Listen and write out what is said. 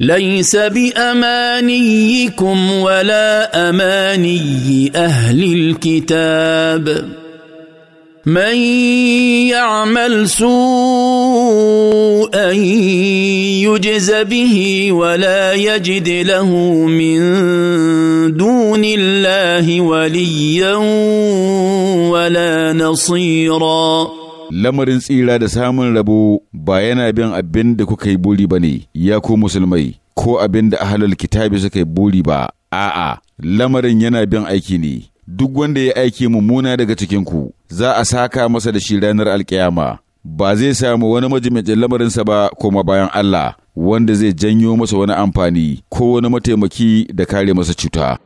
ليس بامانيكم ولا اماني اهل الكتاب من يعمل سوءا يجز به ولا يجد له من دون الله وليا ولا نصيرا lamarin tsira da samun rabo ba yana bin abin da kuka yi buri ba ne, ya ku musulmai, ko abin da ahalar kitabi suka yi buri ba, a'a, lamarin yana bin aiki ne, duk wanda ya aiki mummuna daga cikinku, za a saka masa da shi ranar alkiyama. Ba zai samu wani majimicin lamarinsa ba kuma bayan Allah, wanda zai janyo masa wani amfani ko wani mataimaki da kare masa cuta.